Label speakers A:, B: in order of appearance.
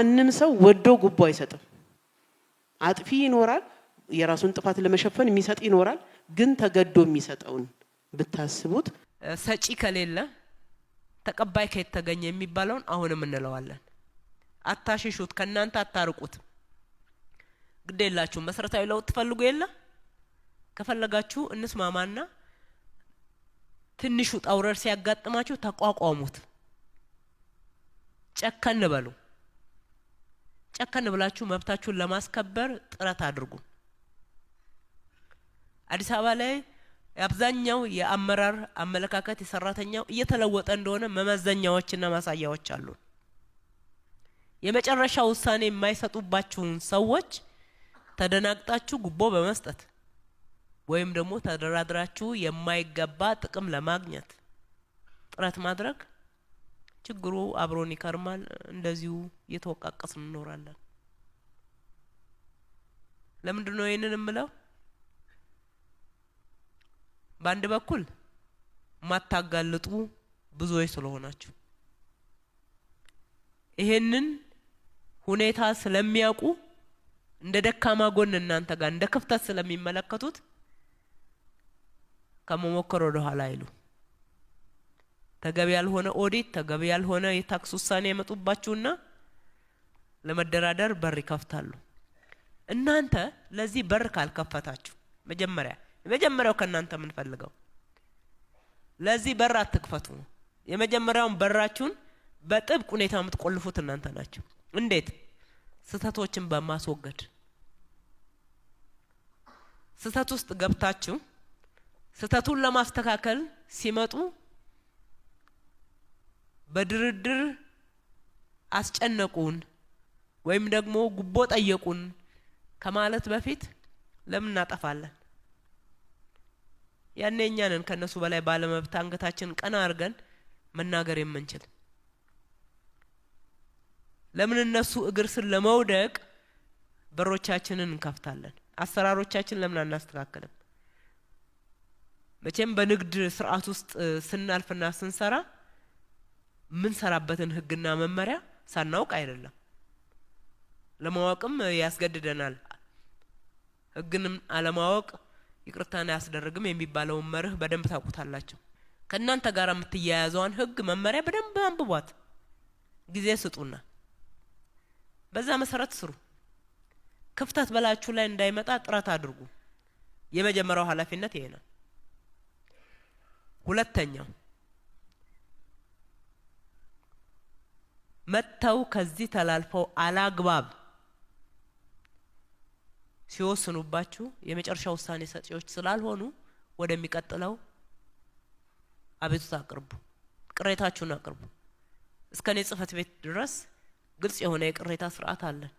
A: ማንም ሰው ወዶ ጉቦ አይሰጥም። አጥፊ ይኖራል፣ የራሱን ጥፋት ለመሸፈን የሚሰጥ ይኖራል። ግን ተገዶ የሚሰጠውን ብታስቡት
B: ሰጪ ከሌለ ተቀባይ ከየት ተገኘ የሚባለውን አሁንም እንለዋለን። አታሽሹት፣ ከእናንተ አታርቁት። ግድ የላችሁ መሰረታዊ ለውጥ ትፈልጉ የለ ከፈለጋችሁ እንስማማና ትንሹ ጣውረር ሲያጋጥማችሁ ተቋቋሙት፣ ጨከን በሉ። ጨከን ብላችሁ መብታችሁን ለማስከበር ጥረት አድርጉ። አዲስ አበባ ላይ አብዛኛው የአመራር አመለካከት የሰራተኛው እየተለወጠ እንደሆነ መመዘኛዎችና ማሳያዎች አሉ። የመጨረሻ ውሳኔ የማይሰጡባችሁን ሰዎች ተደናግጣችሁ ጉቦ በመስጠት ወይም ደግሞ ተደራድራችሁ የማይገባ ጥቅም ለማግኘት ጥረት ማድረግ ችግሩ አብሮን ይከርማል። እንደዚሁ እየተወቃቀስ እንኖራለን። ለምንድን ነው ይህንን የምለው? በአንድ በኩል ማታጋልጡ ብዙዎች ስለሆናችሁ ይሄንን ሁኔታ ስለሚያውቁ እንደ ደካማ ጎን እናንተ ጋር እንደ ክፍተት ስለሚመለከቱት ከመሞከር ወደ ኋላ አይሉ ተገቢ ያልሆነ ኦዲት፣ ተገቢ ያልሆነ የታክስ ውሳኔ ያመጡባችሁና ለመደራደር በር ይከፍታሉ። እናንተ ለዚህ በር ካልከፈታችሁ መጀመሪያ የመጀመሪያው ከእናንተ የምንፈልገው ለዚህ በር አትክፈቱ የመጀመሪያውን በራችሁን በጥብቅ ሁኔታ የምትቆልፉት እናንተ ናቸው። እንዴት? ስህተቶችን በማስወገድ ስህተት ውስጥ ገብታችሁ ስህተቱን ለማስተካከል ሲመጡ በድርድር አስጨነቁን ወይም ደግሞ ጉቦ ጠየቁን ከማለት በፊት ለምን እናጠፋለን? ያኔ እኛ ነን ከእነሱ በላይ ባለመብት አንገታችን ቀና አድርገን መናገር የምንችል። ለምን እነሱ እግር ስር ለመውደቅ በሮቻችንን እንከፍታለን? አሰራሮቻችን ለምን አናስተካክልም? መቼም በንግድ ስርዓት ውስጥ ስናልፍና ስንሰራ የምንሰራበትን ህግና መመሪያ ሳናውቅ አይደለም። ለማወቅም ያስገድደናል። ህግንም አለማወቅ ይቅርታን አያስደርግም የሚባለውን መርህ በደንብ ታውቁታላቸው። ከእናንተ ጋር የምትያያዘዋን ህግ መመሪያ በደንብ አንብቧት፣ ጊዜ ስጡና በዛ መሰረት ስሩ። ክፍተት በላችሁ ላይ እንዳይመጣ ጥረት አድርጉ። የመጀመሪያው ኃላፊነት ይሄ ነው። ሁለተኛው መጥተው ከዚህ ተላልፈው አላግባብ ሲወስኑባችሁ የመጨረሻ ውሳኔ ሰጪዎች ስላልሆኑ ወደሚቀጥለው አቤቱ አቅርቡ፣ ቅሬታችሁን አቅርቡ። እስከ እኔ ቤት ድረስ ግልጽ የሆነ የቅሬታ ስርዓት አለን።